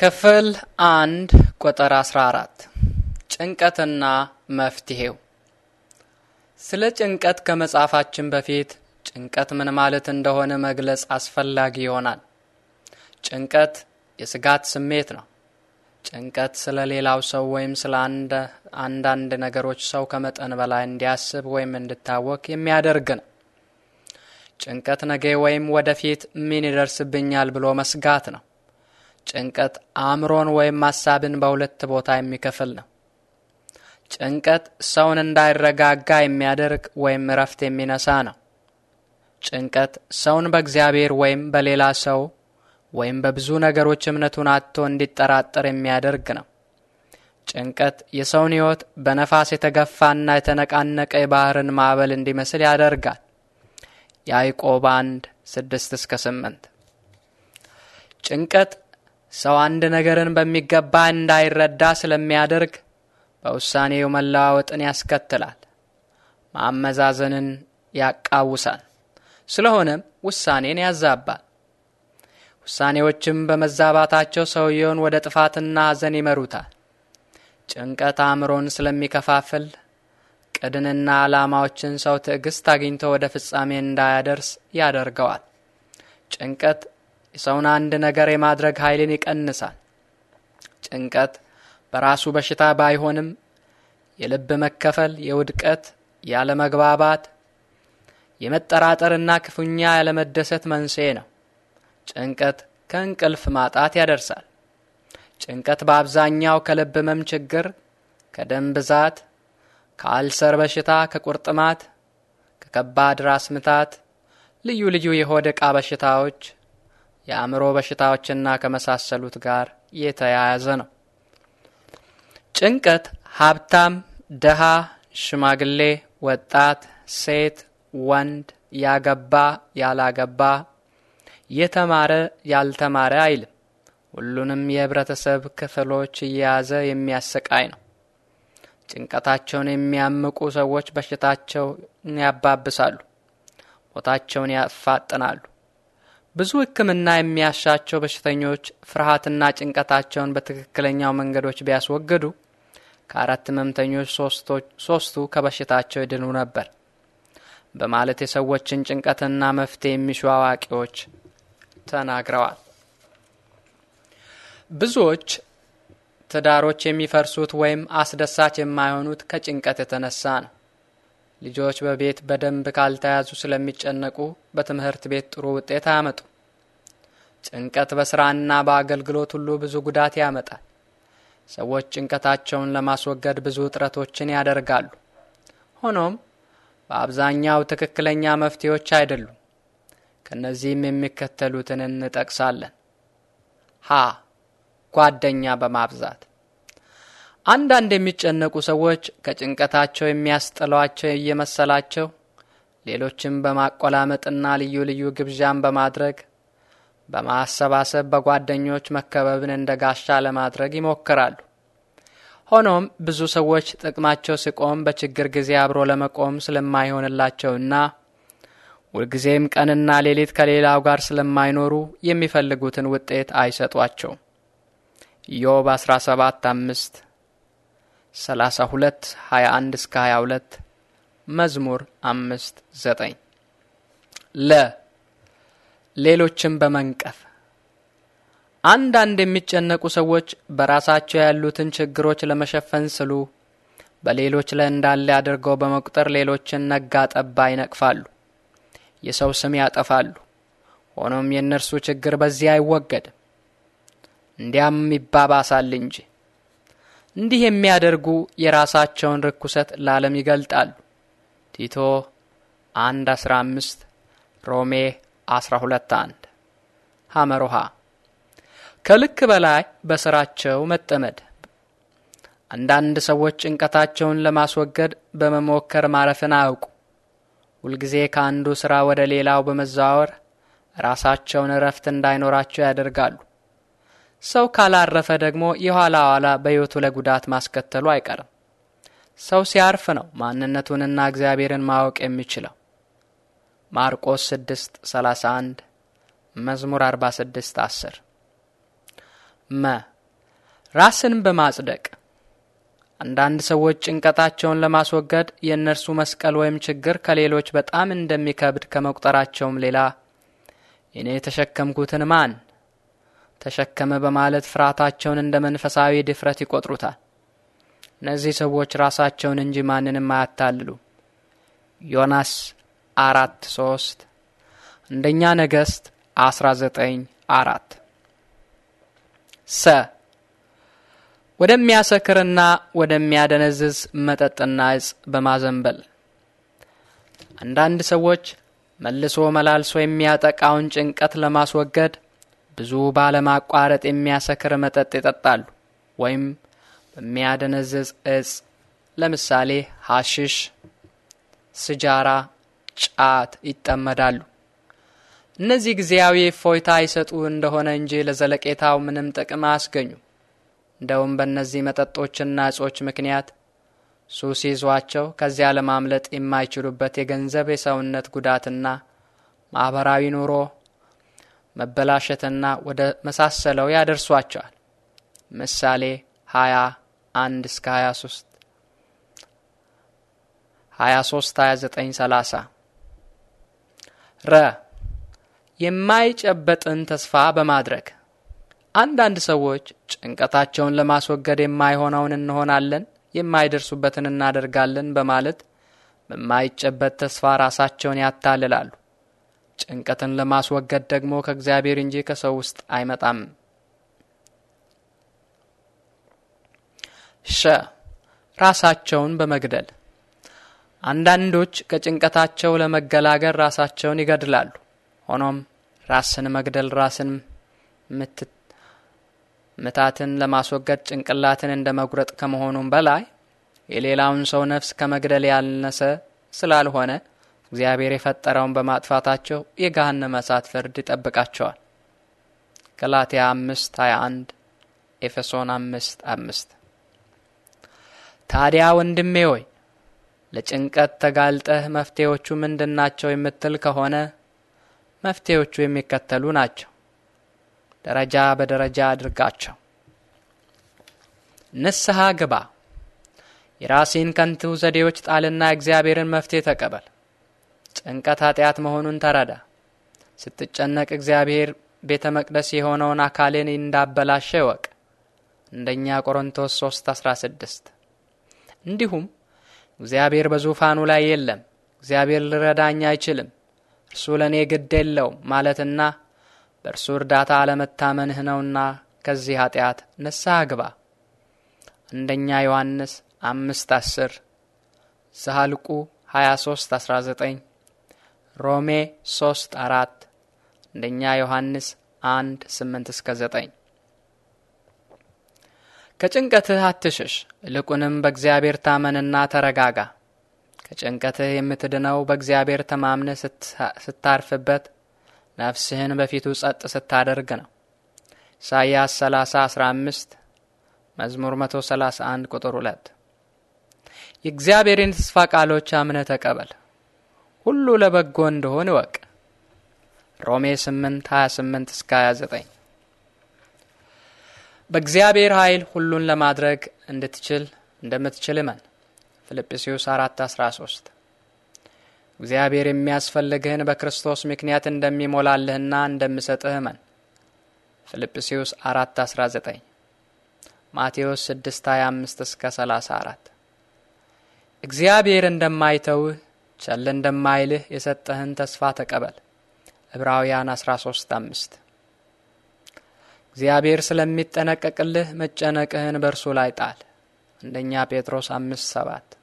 ክፍል አንድ ቁጥር 14 ጭንቀትና መፍትሄው። ስለ ጭንቀት ከመጻፋችን በፊት ጭንቀት ምን ማለት እንደሆነ መግለጽ አስፈላጊ ይሆናል። ጭንቀት የስጋት ስሜት ነው። ጭንቀት ስለ ሌላው ሰው ወይም ስለ አንዳንድ ነገሮች ሰው ከመጠን በላይ እንዲያስብ ወይም እንድታወክ የሚያደርግ ነው። ጭንቀት ነገ ወይም ወደፊት ምን ይደርስብኛል ብሎ መስጋት ነው። ጭንቀት አእምሮን ወይም ሐሳብን በሁለት ቦታ የሚከፍል ነው። ጭንቀት ሰውን እንዳይረጋጋ የሚያደርግ ወይም እረፍት የሚነሳ ነው። ጭንቀት ሰውን በእግዚአብሔር ወይም በሌላ ሰው ወይም በብዙ ነገሮች እምነቱን አጥቶ እንዲጠራጠር የሚያደርግ ነው። ጭንቀት የሰውን ሕይወት በነፋስ የተገፋና የተነቃነቀ የባህርን ማዕበል እንዲመስል ያደርጋል። ያዕቆብ አንድ ስድስት እስከ ስምንት ጭንቀት ሰው አንድ ነገርን በሚገባ እንዳይረዳ ስለሚያደርግ በውሳኔው መለዋወጥን ያስከትላል፣ ማመዛዘንን ያቃውሳል፣ ስለሆነም ውሳኔን ያዛባል። ውሳኔዎችም በመዛባታቸው ሰውየውን ወደ ጥፋትና ሐዘን ይመሩታል። ጭንቀት አእምሮን ስለሚከፋፍል ቅድንና ዓላማዎችን ሰው ትዕግስት አግኝቶ ወደ ፍጻሜ እንዳያደርስ ያደርገዋል። ጭንቀት የሰውን አንድ ነገር የማድረግ ኃይልን ይቀንሳል። ጭንቀት በራሱ በሽታ ባይሆንም የልብ መከፈል፣ የውድቀት፣ ያለመግባባት፣ የመጠራጠርና ክፉኛ ያለመደሰት መንስኤ ነው። ጭንቀት ከእንቅልፍ ማጣት ያደርሳል። ጭንቀት በአብዛኛው ከልብ ህመም ችግር፣ ከደም ብዛት፣ ከአልሰር በሽታ፣ ከቁርጥማት፣ ከከባድ ራስ ምታት፣ ልዩ ልዩ የሆድ ዕቃ በሽታዎች የአእምሮ በሽታዎችና ከመሳሰሉት ጋር የተያያዘ ነው። ጭንቀት ሀብታም፣ ደሃ፣ ሽማግሌ፣ ወጣት፣ ሴት፣ ወንድ፣ ያገባ፣ ያላገባ፣ የተማረ፣ ያልተማረ አይልም። ሁሉንም የህብረተሰብ ክፍሎች እየያዘ የሚያሰቃይ ነው። ጭንቀታቸውን የሚያምቁ ሰዎች በሽታቸውን ያባብሳሉ፣ ቦታቸውን ያፋጥናሉ። ብዙ ሕክምና የሚያሻቸው በሽተኞች ፍርሃትና ጭንቀታቸውን በትክክለኛው መንገዶች ቢያስወግዱ ከአራት ህመምተኞች ሶስቱ ከበሽታቸው ይድኑ ነበር በማለት የሰዎችን ጭንቀትና መፍትሄ የሚሹ አዋቂዎች ተናግረዋል። ብዙዎች ትዳሮች የሚፈርሱት ወይም አስደሳች የማይሆኑት ከጭንቀት የተነሳ ነው። ልጆች በቤት በደንብ ካልተያዙ ስለሚጨነቁ በትምህርት ቤት ጥሩ ውጤት አያመጡ። ጭንቀት በስራና በአገልግሎት ሁሉ ብዙ ጉዳት ያመጣል። ሰዎች ጭንቀታቸውን ለማስወገድ ብዙ ጥረቶችን ያደርጋሉ። ሆኖም በአብዛኛው ትክክለኛ መፍትሄዎች አይደሉም። ከእነዚህም የሚከተሉትን እንጠቅሳለን። ሀ ጓደኛ በማብዛት አንዳንድ የሚጨነቁ ሰዎች ከጭንቀታቸው የሚያስጥሏቸው እየመሰላቸው ሌሎችም በማቆላመጥና ልዩ ልዩ ግብዣን በማድረግ በማሰባሰብ በጓደኞች መከበብን እንደ ጋሻ ለማድረግ ይሞክራሉ። ሆኖም ብዙ ሰዎች ጥቅማቸው ሲቆም በችግር ጊዜ አብሮ ለመቆም ስለማይሆንላቸውና ሁልጊዜም ቀንና ሌሊት ከሌላው ጋር ስለማይኖሩ የሚፈልጉትን ውጤት አይሰጧቸውም። ኢዮብ 17 5 32 21 እስከ 22 መዝሙር 5 9 ለ ሌሎችን በመንቀፍ አንዳንድ የሚጨነቁ ሰዎች በራሳቸው ያሉትን ችግሮች ለመሸፈን ስሉ በሌሎች ላይ እንዳለ አድርገው በመቁጠር ሌሎችን ነጋ ጠባ ይነቅፋሉ፣ የሰው ስም ያጠፋሉ። ሆኖም የእነርሱ ችግር በዚህ አይወገድም፣ እንዲያም ይባባሳል እንጂ እንዲህ የሚያደርጉ የራሳቸውን ርኩሰት ለዓለም ይገልጣሉ። ቲቶ 1 15 ሮሜ 12 1 ሐመሮሃ ከልክ በላይ በስራቸው መጠመድ አንዳንድ ሰዎች ጭንቀታቸውን ለማስወገድ በመሞከር ማረፍን አያውቁ። ሁልጊዜ ከአንዱ ሥራ ወደ ሌላው በመዘዋወር ራሳቸውን እረፍት እንዳይኖራቸው ያደርጋሉ። ሰው ካላረፈ ደግሞ የኋላ ኋላ በሕይወቱ ለጉዳት ማስከተሉ አይቀርም። ሰው ሲያርፍ ነው ማንነቱንና እግዚአብሔርን ማወቅ የሚችለው። ማርቆስ 6 31 መዝሙር 46 10 መ ራስን በማጽደቅ አንዳንድ ሰዎች ጭንቀታቸውን ለማስወገድ የእነርሱ መስቀል ወይም ችግር ከሌሎች በጣም እንደሚከብድ ከመቁጠራቸውም ሌላ እኔ የተሸከምኩትን ማን ተሸከመ በማለት ፍርሃታቸውን እንደ መንፈሳዊ ድፍረት ይቆጥሩታል። እነዚህ ሰዎች ራሳቸውን እንጂ ማንንም አያታልሉ። ዮናስ አራት ሶስት አንደኛ ነገሥት አስራ ዘጠኝ አራት ሰ ወደሚያሰክርና ወደሚያደነዝዝ መጠጥና እጽ በማዘንበል አንዳንድ ሰዎች መልሶ መላልሶ የሚያጠቃውን ጭንቀት ለማስወገድ ብዙ ባለማቋረጥ የሚያሰክር መጠጥ ይጠጣሉ ወይም በሚያደነዝዝ እጽ ለምሳሌ ሐሽሽ፣ ስጃራ፣ ጫት ይጠመዳሉ። እነዚህ ጊዜያዊ እፎይታ ይሰጡ እንደሆነ እንጂ ለዘለቄታው ምንም ጥቅም አያስገኙ። እንደውም በእነዚህ መጠጦችና እጾች ምክንያት ሱስ ይዟቸው ከዚያ ለማምለጥ የማይችሉበት የገንዘብ የሰውነት ጉዳትና ማኅበራዊ ኑሮ መበላሸትና ወደ መሳሰለው ያደርሷቸዋል። ምሳሌ 20 1 እስከ 23 23 29 30 ረ የማይጨበጥን ተስፋ በማድረግ አንዳንድ ሰዎች ጭንቀታቸውን ለማስወገድ የማይሆነውን እንሆናለን፣ የማይደርሱበትን እናደርጋለን በማለት በማይጨበጥ ተስፋ ራሳቸውን ያታልላሉ። ጭንቀትን ለማስወገድ ደግሞ ከእግዚአብሔር እንጂ ከሰው ውስጥ አይመጣም። ሸ ራሳቸውን በመግደል አንዳንዶች ከጭንቀታቸው ለመገላገል ራሳቸውን ይገድላሉ። ሆኖም ራስን መግደል ራስን ምታትን ለማስወገድ ጭንቅላትን እንደ መጉረጥ ከመሆኑም በላይ የሌላውን ሰው ነፍስ ከመግደል ያልነሰ ስላልሆነ እግዚአብሔር የፈጠረውን በማጥፋታቸው የገሃነመ እሳት ፍርድ ይጠብቃቸዋል። ገላትያ አምስት 21 አንድ ኤፌሶን አምስት አምስት ታዲያ ወንድሜ ሆይ ለጭንቀት ተጋልጠህ መፍትሄዎቹ ምንድናቸው የምትል ከሆነ መፍትሄዎቹ የሚከተሉ ናቸው። ደረጃ በደረጃ አድርጋቸው። ንስሐ ግባ። የራሴን ከንቱ ዘዴዎች ጣልና እግዚአብሔርን መፍትሄ ተቀበል። ጭንቀት ኃጢአት መሆኑን ተረዳ። ስትጨነቅ እግዚአብሔር ቤተ መቅደስ የሆነውን አካልን እንዳበላሸ ይወቅ አንደኛ ቆሮንቶስ 3 16 እንዲሁም እግዚአብሔር በዙፋኑ ላይ የለም፣ እግዚአብሔር ልረዳኝ አይችልም፣ እርሱ ለእኔ ግድ የለውም ማለትና በእርሱ እርዳታ አለመታመንህ ነውና ከዚህ ኃጢአት ንስሐ ግባ። አንደኛ ዮሐንስ አምስት አስር ዘኍልቍ 23 19 ሮሜ 3 አራት አንደኛ ዮሐንስ አንድ ስምንት እስከ ዘጠኝ ከጭንቀትህ አትሽሽ፣ ይልቁንም በእግዚአብሔር ታመንና ተረጋጋ። ከጭንቀትህ የምትድነው በእግዚአብሔር ተማምነ ስታርፍበት፣ ነፍስህን በፊቱ ጸጥ ስታደርግ ነው። ኢሳይያስ 30 15 መዝሙር 131 ቁጥር 2 የእግዚአብሔርን ተስፋ ቃሎች አምነ ተቀበል። ሁሉ ለበጎ እንደሆን እወቅ። ሮሜ 8 28 እስከ 29 በእግዚአብሔር ኃይል ሁሉን ለማድረግ እንድትችል እንደምትችል እመን። ፊልጵስዩስ 4 13 እግዚአብሔር የሚያስፈልግህን በክርስቶስ ምክንያት እንደሚሞላልህና እንደሚሰጥህ እመን። ፊልጵስዩስ 4 19 ማቴዎስ 6 25 እስከ 34 እግዚአብሔር እንደማይተውህ ቸል እንደማይልህ የሰጠህን ተስፋ ተቀበል። ዕብራውያን 13፥5 እግዚአብሔር ስለሚጠነቀቅልህ መጨነቅህን በእርሱ ላይ ጣል። አንደኛ ጴጥሮስ 5፥7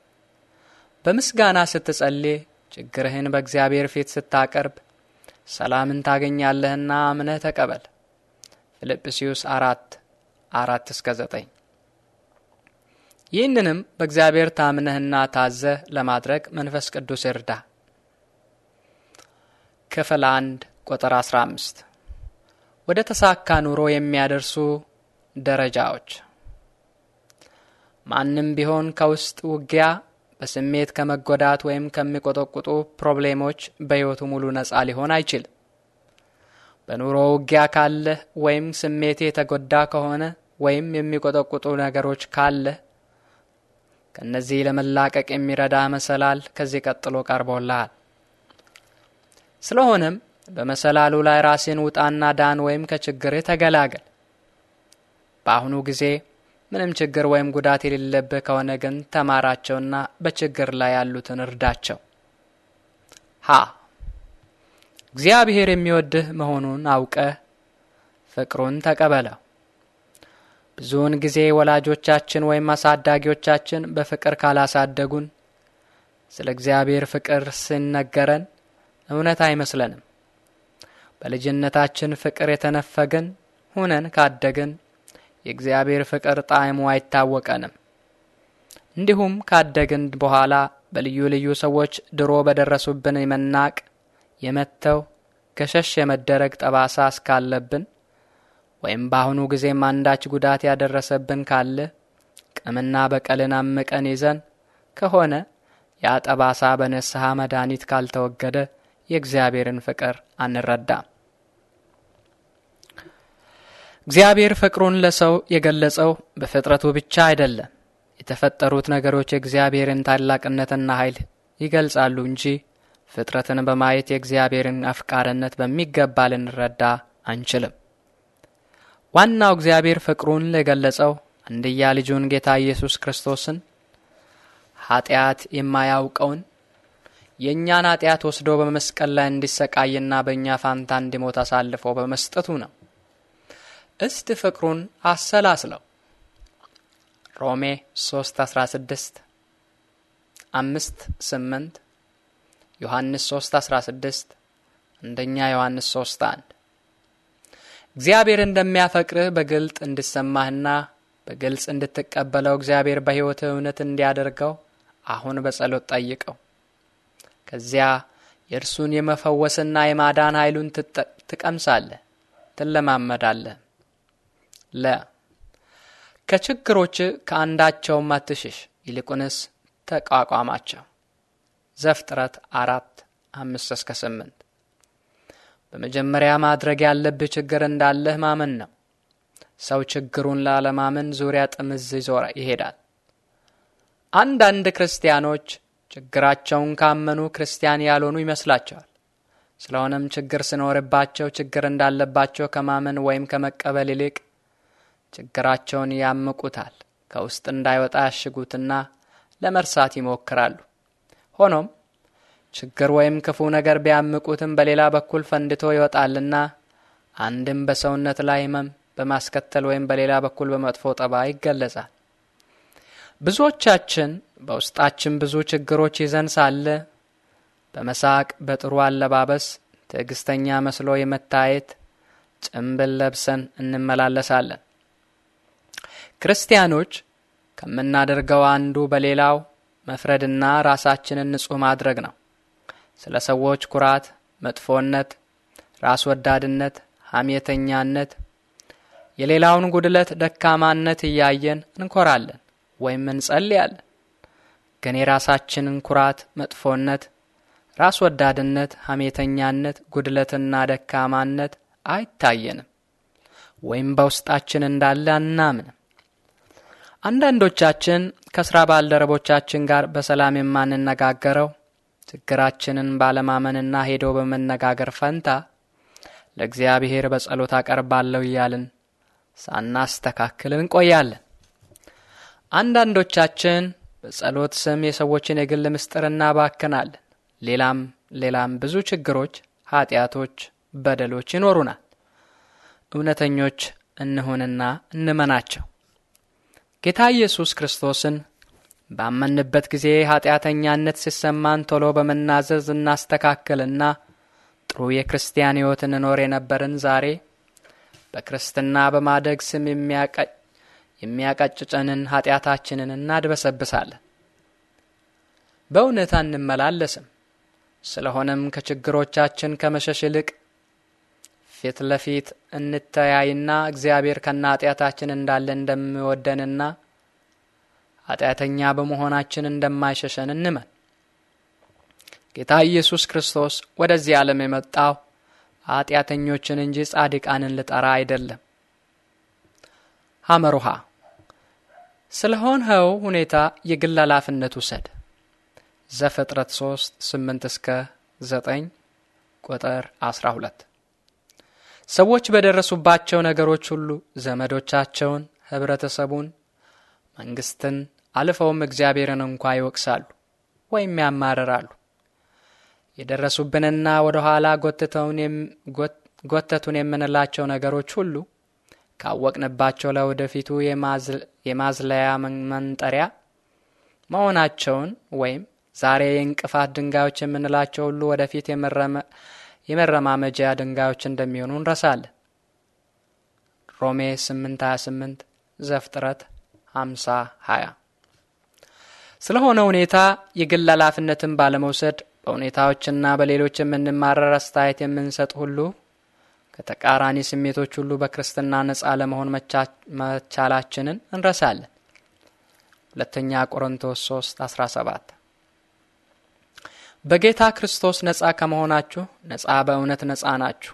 በምስጋና ስትጸልይ ችግርህን በእግዚአብሔር ፊት ስታቀርብ ሰላምን ታገኛለህና አምነህ ተቀበል። ፊልጵስዩስ 4 4 እስከ 9 ይህንንም በእግዚአብሔር ታምነህና ታዘህ ለማድረግ መንፈስ ቅዱስ ይርዳ። ክፍል 1 ቁጥር 15 ወደ ተሳካ ኑሮ የሚያደርሱ ደረጃዎች። ማንም ቢሆን ከውስጥ ውጊያ በስሜት ከመጎዳት ወይም ከሚቆጠቁጡ ፕሮብሌሞች በሕይወቱ ሙሉ ነፃ ሊሆን አይችልም። በኑሮ ውጊያ ካለህ ወይም ስሜቴ የተጎዳ ከሆነ ወይም የሚቆጠቁጡ ነገሮች ካለህ ከእነዚህ ለመላቀቅ የሚረዳ መሰላል ከዚህ ቀጥሎ ቀርቦልሃል። ስለሆነም በመሰላሉ ላይ ራሴን ውጣና ዳን ወይም ከችግርህ ተገላገል። በአሁኑ ጊዜ ምንም ችግር ወይም ጉዳት የሌለብህ ከሆነ ግን ተማራቸውና በችግር ላይ ያሉትን እርዳቸው። ሀ እግዚአብሔር የሚወድህ መሆኑን አውቀህ ፍቅሩን ተቀበለው። ብዙውን ጊዜ ወላጆቻችን ወይም አሳዳጊዎቻችን በፍቅር ካላሳደጉን ስለ እግዚአብሔር ፍቅር ሲነገረን እውነት አይመስለንም። በልጅነታችን ፍቅር የተነፈግን ሁነን ካደግን የእግዚአብሔር ፍቅር ጣዕሙ አይታወቀንም። እንዲሁም ካደግን በኋላ በልዩ ልዩ ሰዎች ድሮ በደረሱብን የመናቅ የመተው ገሸሽ የመደረግ ጠባሳ እስካለብን ወይም በአሁኑ ጊዜም አንዳች ጉዳት ያደረሰብን ካለ ቅምና በቀልን አምቀን ይዘን ከሆነ ያ ጠባሳ በንስሐ መድኃኒት ካልተወገደ የእግዚአብሔርን ፍቅር አንረዳም። እግዚአብሔር ፍቅሩን ለሰው የገለጸው በፍጥረቱ ብቻ አይደለም። የተፈጠሩት ነገሮች የእግዚአብሔርን ታላቅነትና ኃይል ይገልጻሉ እንጂ ፍጥረትን በማየት የእግዚአብሔርን አፍቃርነት በሚገባ ልንረዳ አንችልም። ዋናው እግዚአብሔር ፍቅሩን ለገለጸው አንድያ ልጁን ጌታ ኢየሱስ ክርስቶስን ኃጢአት የማያውቀውን የእኛን ኃጢአት ወስዶ በመስቀል ላይ እንዲሰቃይና በእኛ ፋንታ እንዲሞት አሳልፎ በመስጠቱ ነው። እስቲ ፍቅሩን አሰላስለው። ሮሜ 3 16 5 8 ዮሐንስ 3 16 አንደኛ ዮሐንስ 3 1 እግዚአብሔር እንደሚያፈቅርህ በግልጥ እንድሰማህና በግልጽ እንድትቀበለው እግዚአብሔር በሕይወትህ እውነት እንዲያደርገው አሁን በጸሎት ጠይቀው። ከዚያ የእርሱን የመፈወስና የማዳን ኃይሉን ትቀምሳለህ፣ ትለማመዳለህ። ለ ከችግሮች ከአንዳቸውም አትሽሽ፣ ይልቁንስ ተቋቋማቸው። ዘፍጥረት አራት አምስት እስከ ስምንት በመጀመሪያ ማድረግ ያለብህ ችግር እንዳለህ ማመን ነው። ሰው ችግሩን ላለማመን ዙሪያ ጥምዝ ይዞራ ይሄዳል። አንዳንድ ክርስቲያኖች ችግራቸውን ካመኑ ክርስቲያን ያልሆኑ ይመስላቸዋል። ስለሆነም ችግር ሲኖርባቸው ችግር እንዳለባቸው ከማመን ወይም ከመቀበል ይልቅ ችግራቸውን ያምቁታል፣ ከውስጥ እንዳይወጣ ያሽጉትና ለመርሳት ይሞክራሉ። ሆኖም ችግር ወይም ክፉ ነገር ቢያምቁትም በሌላ በኩል ፈንድቶ ይወጣልና አንድም በሰውነት ላይ ህመም በማስከተል ወይም በሌላ በኩል በመጥፎ ጠባ ይገለጻል። ብዙዎቻችን በውስጣችን ብዙ ችግሮች ይዘን ሳለ በመሳቅ በጥሩ አለባበስ ትዕግስተኛ መስሎ የመታየት ጭንብል ለብሰን እንመላለሳለን። ክርስቲያኖች ከምናደርገው አንዱ በሌላው መፍረድና ራሳችንን ንጹሕ ማድረግ ነው። ስለ ሰዎች ኩራት፣ መጥፎነት፣ ራስ ወዳድነት፣ ሐሜተኛነት፣ የሌላውን ጉድለት፣ ደካማነት እያየን እንኮራለን ወይም እንጸልያለን። ግን የራሳችንን ኩራት፣ መጥፎነት፣ ራስ ወዳድነት፣ ሐሜተኛነት፣ ጉድለትና ደካማነት አይታየንም ወይም በውስጣችን እንዳለ አናምንም። አንዳንዶቻችን ከስራ ባልደረቦቻችን ጋር በሰላም የማንነጋገረው ችግራችንን ባለማመንና ሄዶ በመነጋገር ፈንታ ለእግዚአብሔር በጸሎት አቀርባለሁ እያልን ሳናስተካክል እንቆያለን። አንዳንዶቻችን በጸሎት ስም የሰዎችን የግል ምስጢር እናባክናለን። ሌላም ሌላም ብዙ ችግሮች፣ ኃጢአቶች፣ በደሎች ይኖሩናል። እውነተኞች እንሁንና እንመናቸው። ጌታ ኢየሱስ ክርስቶስን ባመንበት ጊዜ ኃጢአተኛነት ሲሰማን ቶሎ በመናዘዝ እናስተካከልና ጥሩ የክርስቲያን ሕይወትን እኖር የነበርን ዛሬ በክርስትና በማደግ ስም የሚያቀጭጨንን ኃጢአታችንን እናድበሰብሳለን። በእውነት አንመላለስም። ስለሆነም ከችግሮቻችን ከመሸሽ ይልቅ ፊት ለፊት እንተያይና እግዚአብሔር ከነ ኃጢአታችን እንዳለ እንደሚወደንና ኃጢአተኛ በመሆናችን እንደማይሸሸን እንመን። ጌታ ኢየሱስ ክርስቶስ ወደዚህ ዓለም የመጣው ኃጢአተኞችን እንጂ ጻድቃንን ልጠራ አይደለም። ሐመሩሃ ስለሆንኸው ሁኔታ የግል ኃላፊነት ውሰድ። ዘፍጥረት 3 8 እስከ 9 ቁጥር 12 ሰዎች በደረሱባቸው ነገሮች ሁሉ ዘመዶቻቸውን፣ ህብረተሰቡን መንግስትን አልፈውም እግዚአብሔርን እንኳ ይወቅሳሉ ወይም ያማርራሉ። የደረሱብንና ወደ ኋላ ጎተቱን የምንላቸው ነገሮች ሁሉ ካወቅንባቸው ለወደፊቱ የማዝለያ መንጠሪያ መሆናቸውን ወይም ዛሬ የእንቅፋት ድንጋዮች የምንላቸው ሁሉ ወደፊት የመረማመጃ ድንጋዮች እንደሚሆኑ እንረሳለን። ሮሜ 8 28 ዘፍጥረት 50 20 ስለሆነ ሁኔታ የግል ኃላፊነትን ባለመውሰድ በሁኔታዎችና በሌሎች የምንማረር አስተያየት የምንሰጥ ሁሉ ከተቃራኒ ስሜቶች ሁሉ በክርስትና ነፃ ለመሆን መቻላችንን እንረሳለን። ሁለተኛ ቆሮንቶስ 3 17 በጌታ ክርስቶስ ነፃ ከመሆናችሁ ነፃ በእውነት ነፃ ናችሁ።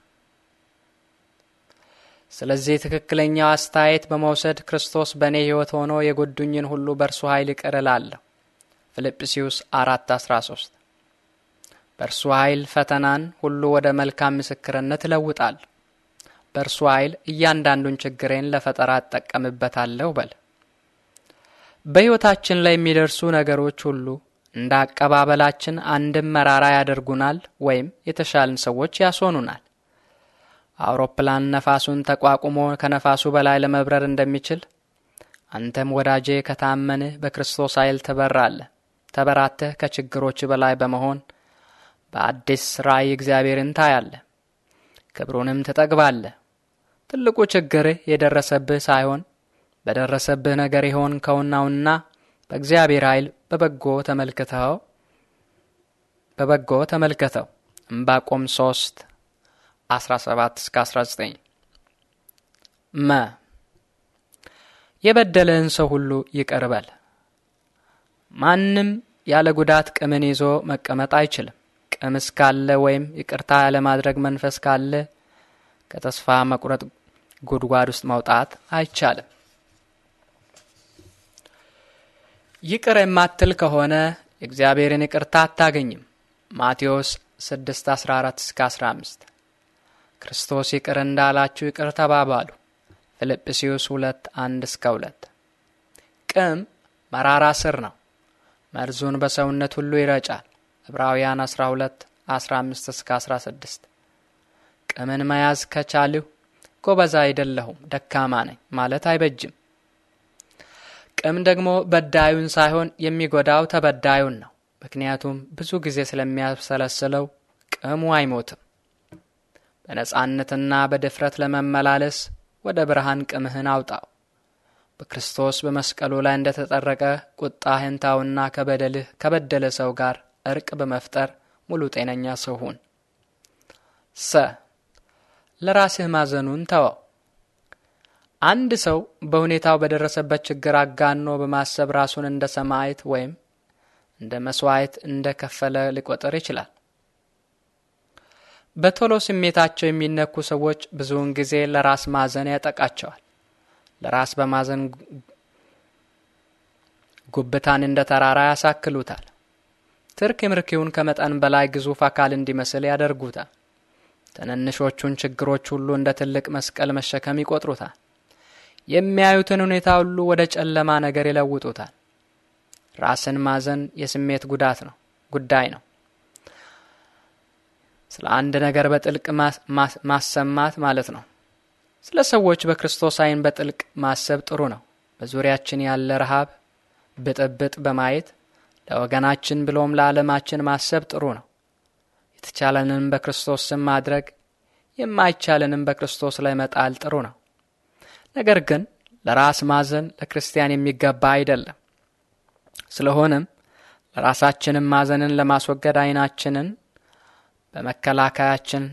ስለዚህ ትክክለኛ አስተያየት በመውሰድ ክርስቶስ በእኔ ሕይወት ሆኖ የጎዱኝን ሁሉ በእርሱ ኃይል ይቅር እላለሁ። ፊልጵስዩስ 4:13 በእርሱ ኃይል ፈተናን ሁሉ ወደ መልካም ምስክርነት እለውጣል። በእርሱ ኃይል እያንዳንዱን ችግሬን ለፈጠራ እጠቀምበታለሁ በል። በሕይወታችን ላይ የሚደርሱ ነገሮች ሁሉ እንደ አቀባበላችን አንድም መራራ ያደርጉናል ወይም የተሻልን ሰዎች ያስሆኑናል። አውሮፕላን ነፋሱን ተቋቁሞ ከነፋሱ በላይ ለመብረር እንደሚችል አንተም ወዳጄ ከታመንህ በክርስቶስ ኃይል ትበራለህ። ተበራተህ ከችግሮች በላይ በመሆን በአዲስ ራእይ እግዚአብሔርን ታያለህ፣ ክብሩንም ትጠግባለህ። ትልቁ ችግርህ የደረሰብህ ሳይሆን በደረሰብህ ነገር ከውናውና በእግዚአብሔር ኃይል በበጎ ተመልክተው በበጎ ተመልከተው። እምባቆም ሶስት 17 እስከ 19 መ የበደለህን ሰው ሁሉ ይቀርባል። ማንም ያለ ጉዳት ቅምን ይዞ መቀመጥ አይችልም። ቅምስ ካለ ወይም ይቅርታ ያለማድረግ መንፈስ ካለ ከተስፋ መቁረጥ ጉድጓድ ውስጥ መውጣት አይቻልም። ይቅር የማትል ከሆነ የእግዚአብሔርን ይቅርታ አታገኝም። ማቴዎስ 6 14 እስከ 15 ክርስቶስ ይቅር እንዳላችሁ ይቅር ተባባሉ። ፊልጵስዩስ 2 1 እስከ 2 ቅም መራራ ስር ነው። መርዙን በሰውነት ሁሉ ይረጫል። ዕብራውያን 12 15 እስከ 16 ቅምን መያዝ ከቻልሁ ጎበዝ አይደለሁም ደካማ ነኝ ማለት አይበጅም። ቅም ደግሞ በዳዩን ሳይሆን የሚጎዳው ተበዳዩን ነው። ምክንያቱም ብዙ ጊዜ ስለሚያሰለስለው ቅሙ አይሞትም። በነጻነትና በድፍረት ለመመላለስ ወደ ብርሃን ቅምህን አውጣው። በክርስቶስ በመስቀሉ ላይ እንደ ተጠረቀ ቁጣ ህንታውና ከበደልህ ከበደለ ሰው ጋር እርቅ በመፍጠር ሙሉ ጤነኛ ሰው ሁን። ሰ ለራስህ ማዘኑን ተወው። አንድ ሰው በሁኔታው በደረሰበት ችግር አጋኖ በማሰብ ራሱን እንደ ሰማዕት ወይም እንደ መስዋዕት እንደ ከፈለ ሊቆጠር ይችላል። በቶሎ ስሜታቸው የሚነኩ ሰዎች ብዙውን ጊዜ ለራስ ማዘን ያጠቃቸዋል። ለራስ በማዘን ጉብታን እንደ ተራራ ያሳክሉታል። ትርክ ምርኪውን ከመጠን በላይ ግዙፍ አካል እንዲመስል ያደርጉታል። ትንንሾቹን ችግሮች ሁሉ እንደ ትልቅ መስቀል መሸከም ይቆጥሩታል። የሚያዩትን ሁኔታ ሁሉ ወደ ጨለማ ነገር ይለውጡታል። ራስን ማዘን የስሜት ጉዳት ነው ጉዳይ ነው። ስለ አንድ ነገር በጥልቅ ማሰማት ማለት ነው። ስለ ሰዎች በክርስቶስ ዓይን በጥልቅ ማሰብ ጥሩ ነው። በዙሪያችን ያለ ረሃብ፣ ብጥብጥ በማየት ለወገናችን ብሎም ለዓለማችን ማሰብ ጥሩ ነው። የተቻለንም በክርስቶስ ስም ማድረግ፣ የማይቻለንም በክርስቶስ ላይ መጣል ጥሩ ነው። ነገር ግን ለራስ ማዘን ለክርስቲያን የሚገባ አይደለም። ስለሆነም ለራሳችንም ማዘንን ለማስወገድ ዓይናችንን በመከላከያችን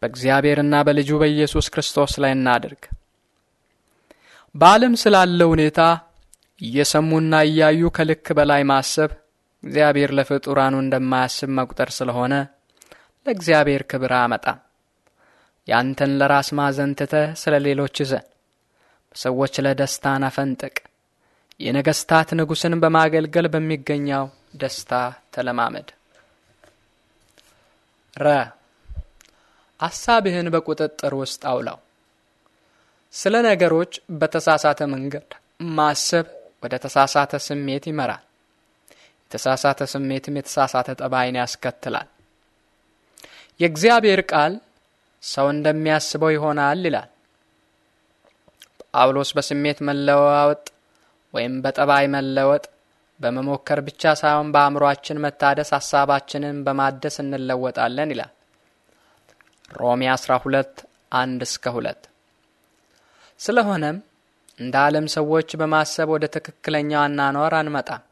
በእግዚአብሔርና በልጁ በኢየሱስ ክርስቶስ ላይ እናድርግ። በዓለም ስላለ ሁኔታ እየሰሙና እያዩ ከልክ በላይ ማሰብ እግዚአብሔር ለፍጡራኑ እንደማያስብ መቁጠር ስለሆነ ለእግዚአብሔር ክብር አመጣም። ያንተን ለራስ ማዘን ትተህ ስለ ሌሎች እዘን። በሰዎች ለደስታን አፈንጥቅ። የነገሥታት ንጉሥን በማገልገል በሚገኘው ደስታ ተለማመድ። ረ አሳብህን በቁጥጥር ውስጥ አውላው። ስለ ነገሮች በተሳሳተ መንገድ ማሰብ ወደ ተሳሳተ ስሜት ይመራል። የተሳሳተ ስሜትም የተሳሳተ ጠባይን ያስከትላል። የእግዚአብሔር ቃል ሰው እንደሚያስበው ይሆናል ይላል ጳውሎስ። በስሜት መለዋወጥ ወይም በጠባይ መለወጥ በመሞከር ብቻ ሳይሆን በአእምሯችን መታደስ ሀሳባችንን በማደስ እንለወጣለን ይላል ሮሜ 12 1 እስከ 2። ስለሆነም እንደ ዓለም ሰዎች በማሰብ ወደ ትክክለኛው አኗኗር አንመጣም፣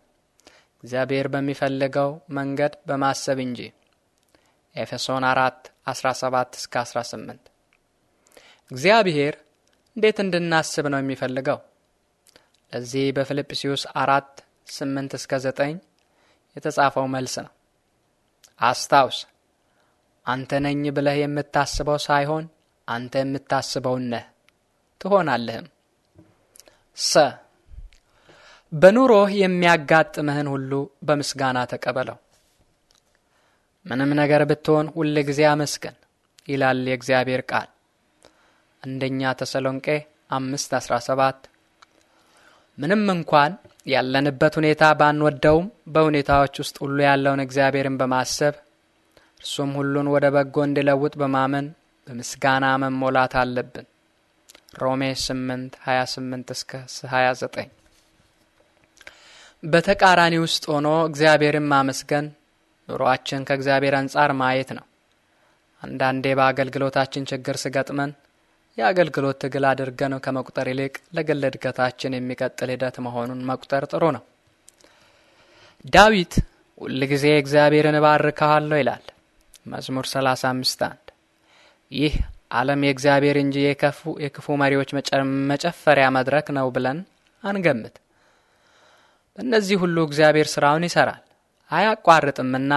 እግዚአብሔር በሚፈልገው መንገድ በማሰብ እንጂ። ኤፌሶን 4 17 እስከ 18። እግዚአብሔር እንዴት እንድናስብ ነው የሚፈልገው? ለዚህ በፊልጵስዩስ አራት ስምንት እስከ ዘጠኝ የተጻፈው መልስ ነው። አስታውስ አንተ ነኝ ብለህ የምታስበው ሳይሆን አንተ የምታስበውን ነህ ትሆናለህም። ሰ በኑሮህ የሚያጋጥምህን ሁሉ በምስጋና ተቀበለው። ምንም ነገር ብትሆን ሁል ጊዜ አመስገን ይላል የእግዚአብሔር ቃል አንደኛ ተሰሎንቄ አምስት አስራ ሰባት ምንም እንኳን ያለንበት ሁኔታ ባንወደውም በሁኔታዎች ውስጥ ሁሉ ያለውን እግዚአብሔርን በማሰብ እርሱም ሁሉን ወደ በጎ እንዲለውጥ በማመን በምስጋና መሞላት አለብን። ሮሜ 8 28 እስከ 29 በተቃራኒ ውስጥ ሆኖ እግዚአብሔርን ማመስገን ኑሯችን ከእግዚአብሔር አንጻር ማየት ነው። አንዳንዴ በአገልግሎታችን ችግር ስገጥመን የአገልግሎት ትግል አድርገን ከመቁጠር ይልቅ ለግል እድገታችን የሚቀጥል ሂደት መሆኑን መቁጠር ጥሩ ነው። ዳዊት ሁልጊዜ እግዚአብሔርን እባርከሃለሁ ይላል። መዝሙር 35 1 ይህ ዓለም የእግዚአብሔር እንጂ የከፉ የክፉ መሪዎች መጨፈሪያ መድረክ ነው ብለን አንገምት። በእነዚህ ሁሉ እግዚአብሔር ሥራውን ይሠራል አያቋርጥምና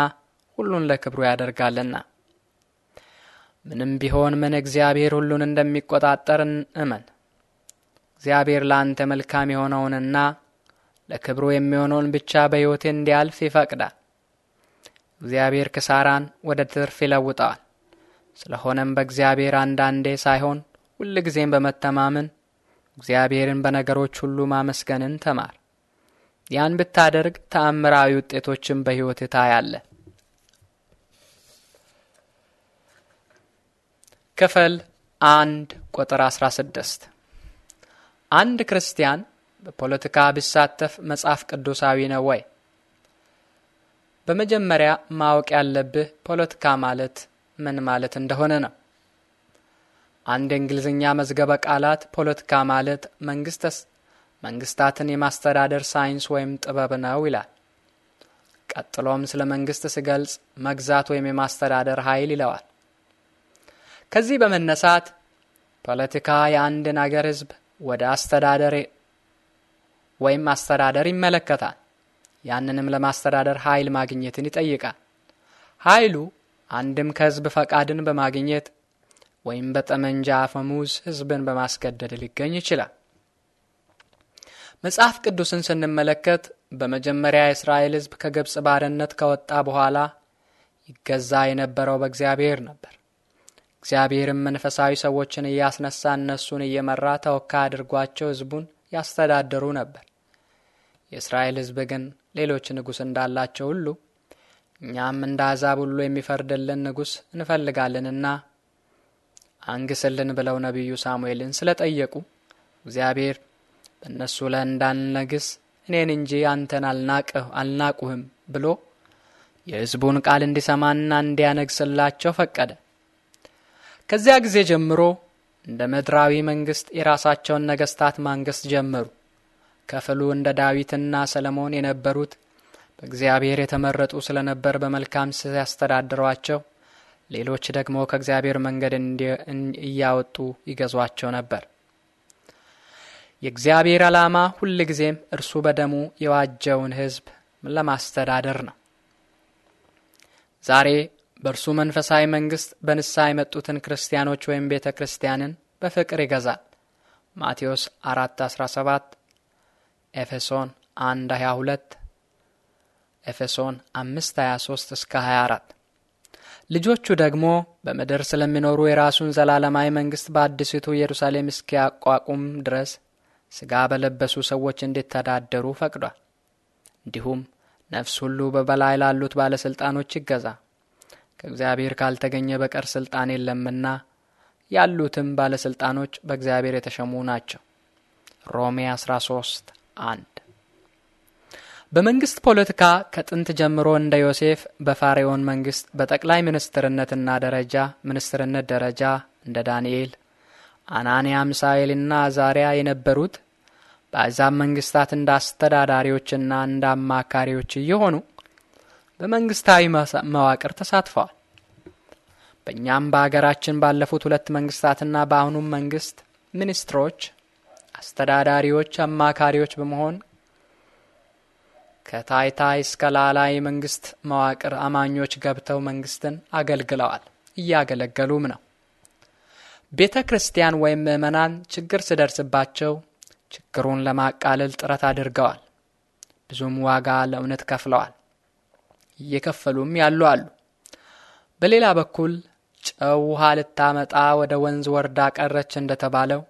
ሁሉን ለክብሩ ያደርጋልና ምንም ቢሆን ምን እግዚአብሔር ሁሉን እንደሚቆጣጠር እመን። እግዚአብሔር ለአንተ መልካም የሆነውንና ለክብሩ የሚሆነውን ብቻ በሕይወቴ እንዲያልፍ ይፈቅዳል። እግዚአብሔር ክሳራን ወደ ትርፍ ይለውጠዋል። ስለሆነም በእግዚአብሔር አንዳንዴ ሳይሆን ሁል ጊዜም በመተማመን እግዚአብሔርን በነገሮች ሁሉ ማመስገንን ተማር። ያን ብታደርግ ተአምራዊ ውጤቶችን በሕይወት ታያለህ። ክፍል አንድ ቁጥር 16 አንድ ክርስቲያን በፖለቲካ ቢሳተፍ መጽሐፍ ቅዱሳዊ ነው ወይ? በመጀመሪያ ማወቅ ያለብህ ፖለቲካ ማለት ምን ማለት እንደሆነ ነው። አንድ የእንግሊዝኛ መዝገበ ቃላት ፖለቲካ ማለት መንግስተስ መንግስታትን የማስተዳደር ሳይንስ ወይም ጥበብ ነው ይላል። ቀጥሎም ስለ መንግስት ሲገልጽ መግዛት ወይም የማስተዳደር ኃይል ይለዋል። ከዚህ በመነሳት ፖለቲካ የአንድን አገር ህዝብ ወደ አስተዳደር ወይም አስተዳደር ይመለከታል። ያንንም ለማስተዳደር ኃይል ማግኘትን ይጠይቃል። ኃይሉ አንድም ከህዝብ ፈቃድን በማግኘት ወይም በጠመንጃ አፈሙዝ ህዝብን በማስገደድ ሊገኝ ይችላል። መጽሐፍ ቅዱስን ስንመለከት በመጀመሪያ የእስራኤል ህዝብ ከግብፅ ባርነት ከወጣ በኋላ ይገዛ የነበረው በእግዚአብሔር ነበር። እግዚአብሔርም መንፈሳዊ ሰዎችን እያስነሳ እነሱን እየመራ ተወካይ አድርጓቸው ሕዝቡን ያስተዳድሩ ነበር። የእስራኤል ሕዝብ ግን ሌሎች ንጉሥ እንዳላቸው ሁሉ እኛም እንደ አሕዛብ ሁሉ የሚፈርድልን ንጉሥ እንፈልጋለንና አንግስልን ብለው ነቢዩ ሳሙኤልን ስለ ጠየቁ እግዚአብሔር በእነሱ ላይ እንዳንነግስ እኔን እንጂ አንተን አልናቁህም ብሎ የሕዝቡን ቃል እንዲሰማና እንዲያነግስላቸው ፈቀደ። ከዚያ ጊዜ ጀምሮ እንደ ምድራዊ መንግስት የራሳቸውን ነገስታት ማንገስት ጀመሩ። ክፍሉ እንደ ዳዊትና ሰለሞን የነበሩት በእግዚአብሔር የተመረጡ ስለነበር በመልካም ሲያስተዳድሯቸው፣ ሌሎች ደግሞ ከእግዚአብሔር መንገድ እያወጡ ይገዟቸው ነበር። የእግዚአብሔር ዓላማ ሁል ጊዜም እርሱ በደሙ የዋጀውን ሕዝብ ለማስተዳደር ነው። ዛሬ በእርሱ መንፈሳዊ መንግሥት በንስሐ የመጡትን ክርስቲያኖች ወይም ቤተ ክርስቲያንን በፍቅር ይገዛል። ማቴዎስ 4 17 ኤፌሶን 1 22 ኤፌሶን 5 23 እስከ 24 ልጆቹ ደግሞ በምድር ስለሚኖሩ የራሱን ዘላለማዊ መንግሥት በአዲስቱ ኢየሩሳሌም እስኪያቋቁም ድረስ ሥጋ በለበሱ ሰዎች እንዲተዳደሩ ፈቅዷል። እንዲሁም ነፍስ ሁሉ በበላይ ላሉት ባለሥልጣኖች ይገዛ። ከእግዚአብሔር ካልተገኘ በቀር ስልጣን የለምና ያሉትም ባለስልጣኖች በእግዚአብሔር የተሸሙ ናቸው። ሮሜ 13 1 በመንግስት ፖለቲካ ከጥንት ጀምሮ እንደ ዮሴፍ በፋሬዎን መንግስት በጠቅላይ ሚኒስትርነትና ደረጃ ሚኒስትርነት ደረጃ እንደ ዳንኤል፣ አናንያ፣ ምሳኤልና አዛሪያ የነበሩት በአሕዛብ መንግስታት እንደ አስተዳዳሪዎችና እንደ አማካሪዎች እየሆኑ በመንግስታዊ መዋቅር ተሳትፈዋል። በእኛም በሀገራችን ባለፉት ሁለት መንግስታትና በአሁኑም መንግስት ሚኒስትሮች፣ አስተዳዳሪዎች፣ አማካሪዎች በመሆን ከታይታ እስከ ላላ መንግስት መዋቅር አማኞች ገብተው መንግስትን አገልግለዋል፣ እያገለገሉም ነው። ቤተ ክርስቲያን ወይም ምዕመናን ችግር ስደርስባቸው ችግሩን ለማቃለል ጥረት አድርገዋል። ብዙም ዋጋ ለእውነት ከፍለዋል። እየከፈሉም ያሉ አሉ። በሌላ በኩል ጨው ውሃ ልታመጣ ወደ ወንዝ ወርዳ ቀረች እንደተባለው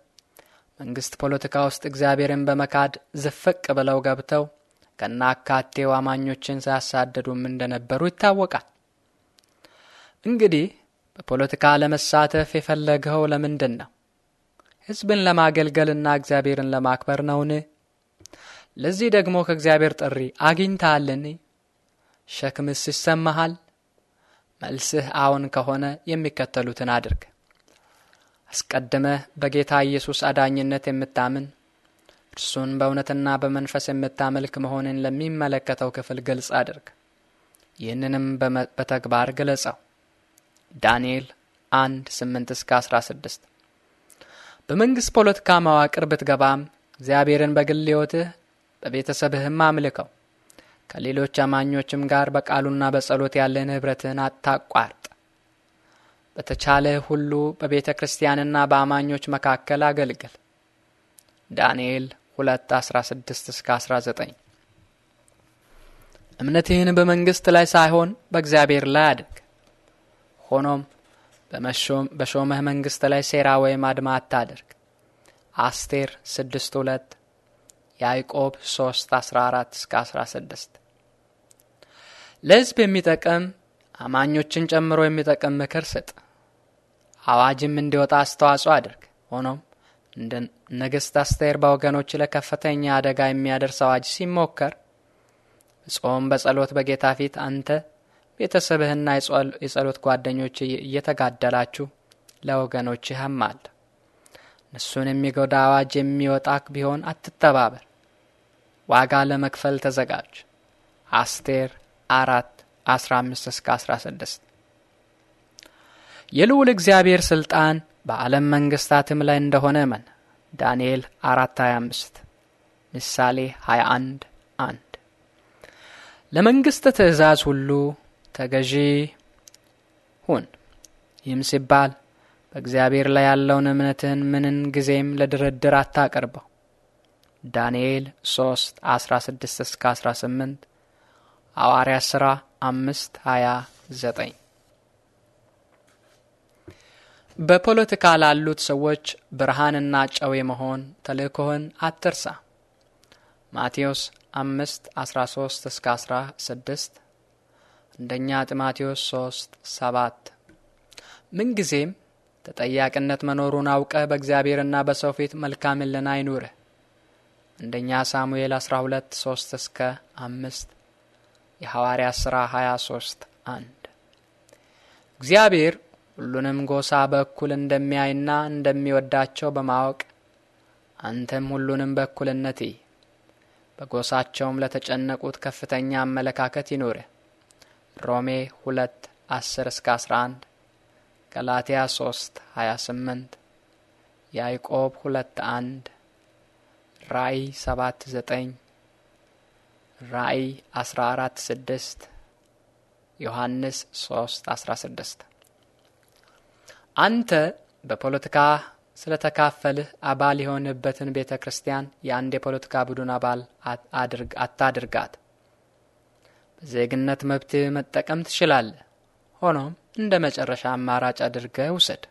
መንግስት ፖለቲካ ውስጥ እግዚአብሔርን በመካድ ዝፍቅ ብለው ገብተው ከና አካቴው አማኞችን ሳያሳደዱም እንደነበሩ ይታወቃል። እንግዲህ በፖለቲካ ለመሳተፍ የፈለግኸው ለምንድን ነው? ሕዝብን ለማገልገልና እግዚአብሔርን ለማክበር ነውን? ለዚህ ደግሞ ከእግዚአብሔር ጥሪ አግኝታለን? ሸክምስ ይሰማሃል? መልስህ አዎን ከሆነ የሚከተሉትን አድርግ። አስቀድመህ በጌታ ኢየሱስ አዳኝነት የምታምን እርሱን በእውነትና በመንፈስ የምታመልክ መሆንን ለሚመለከተው ክፍል ግልጽ አድርግ። ይህንንም በተግባር ግለጸው። ዳንኤል 1 8 እስከ 16 በመንግሥት ፖለቲካ መዋቅር ብትገባም እግዚአብሔርን በግል ሕይወትህ በቤተሰብህም አምልከው። ከሌሎች አማኞችም ጋር በቃሉና በጸሎት ያለን ንብረትን አታቋርጥ። በተቻለ ሁሉ በቤተ ክርስቲያንና በአማኞች መካከል አገልግል። ዳንኤል 2:16-19 እምነትህን በመንግሥት ላይ ሳይሆን በእግዚአብሔር ላይ አድርግ። ሆኖም በሾመህ መንግሥት ላይ ሴራ ወይም አድማ አታድርግ። አስቴር 6:2 ያዕቆብ 3 14 እስከ 16 ለሕዝብ የሚጠቅም አማኞችን ጨምሮ የሚጠቅም ምክር ስጥ፣ አዋጅም እንዲወጣ አስተዋጽኦ አድርግ። ሆኖም እንደ ንግሥት አስቴር በወገኖች ለከፍተኛ አደጋ የሚያደርስ አዋጅ ሲሞከር ጾም በጸሎት በጌታ ፊት አንተ ቤተሰብህና የጸሎት ጓደኞች እየተጋደላችሁ ለወገኖችህ አማል እሱን የሚጎዳ አዋጅ የሚወጣ ቢሆን አትተባበር። ዋጋ ለመክፈል ተዘጋጅ። አስቴር አራት አስራ አምስት እስከ አስራ ስድስት የልዑል እግዚአብሔር ስልጣን በዓለም መንግስታትም ላይ እንደሆነ መን ዳንኤል አራት ሀያ አምስት ምሳሌ ሀያ አንድ አንድ ለመንግስት ትእዛዝ ሁሉ ተገዢ ሁን። ይህም ሲባል በእግዚአብሔር ላይ ያለውን እምነትህን ምንን ጊዜም ለድርድር አታቀርበው። ዳንኤል 3 16 እስከ 18 ሐዋርያ ሥራ 5 29 በፖለቲካ ላሉት ሰዎች ብርሃንና ጨው የመሆን ተልእኮህን አትርሳ። ማቴዎስ 5 13 እስከ 16 አንደኛ ጢሞቴዎስ 3 7 ምንጊዜም ተጠያቂነት መኖሩን አውቀህ በእግዚአብሔርና በሰው ፊት መልካም ልቦና አይኑርህ። አንደኛ ሳሙኤል 12 3 እስከ 5 የሐዋርያ ሥራ 23 1 እግዚአብሔር ሁሉንም ጎሳ በእኩል እንደሚያይና እንደሚወዳቸው በማወቅ አንተም ሁሉንም በእኩልነት እይ። በጎሳቸውም ለተጨነቁት ከፍተኛ አመለካከት ይኑርህ። ሮሜ 2 10 እስከ 11 ገላትያ 3 28 ያዕቆብ 2 1 ራእይ 7 9 ራእይ 14 6 ዮሐንስ 3 16 አንተ በፖለቲካ ስለተካፈልህ አባል የሆንበትን ቤተ ክርስቲያን የአንድ የፖለቲካ ቡድን አባል አታድርጋት። በዜግነት መብትህ መጠቀም ትችላለህ። ሆኖም እንደ መጨረሻ አማራጭ አድርገ ውሰድ።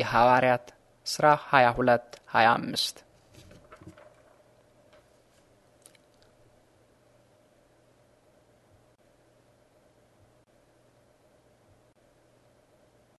የሐዋርያት ሥራ 22 25